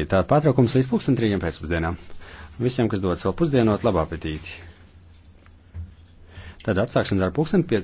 Ir tāda pārtraukums līdz pulksten trījiem pēcpusdienām. Visiem, kas dodas vēl pusdienot, labā apetīti. Tad atsāksim darbu pulksten pie.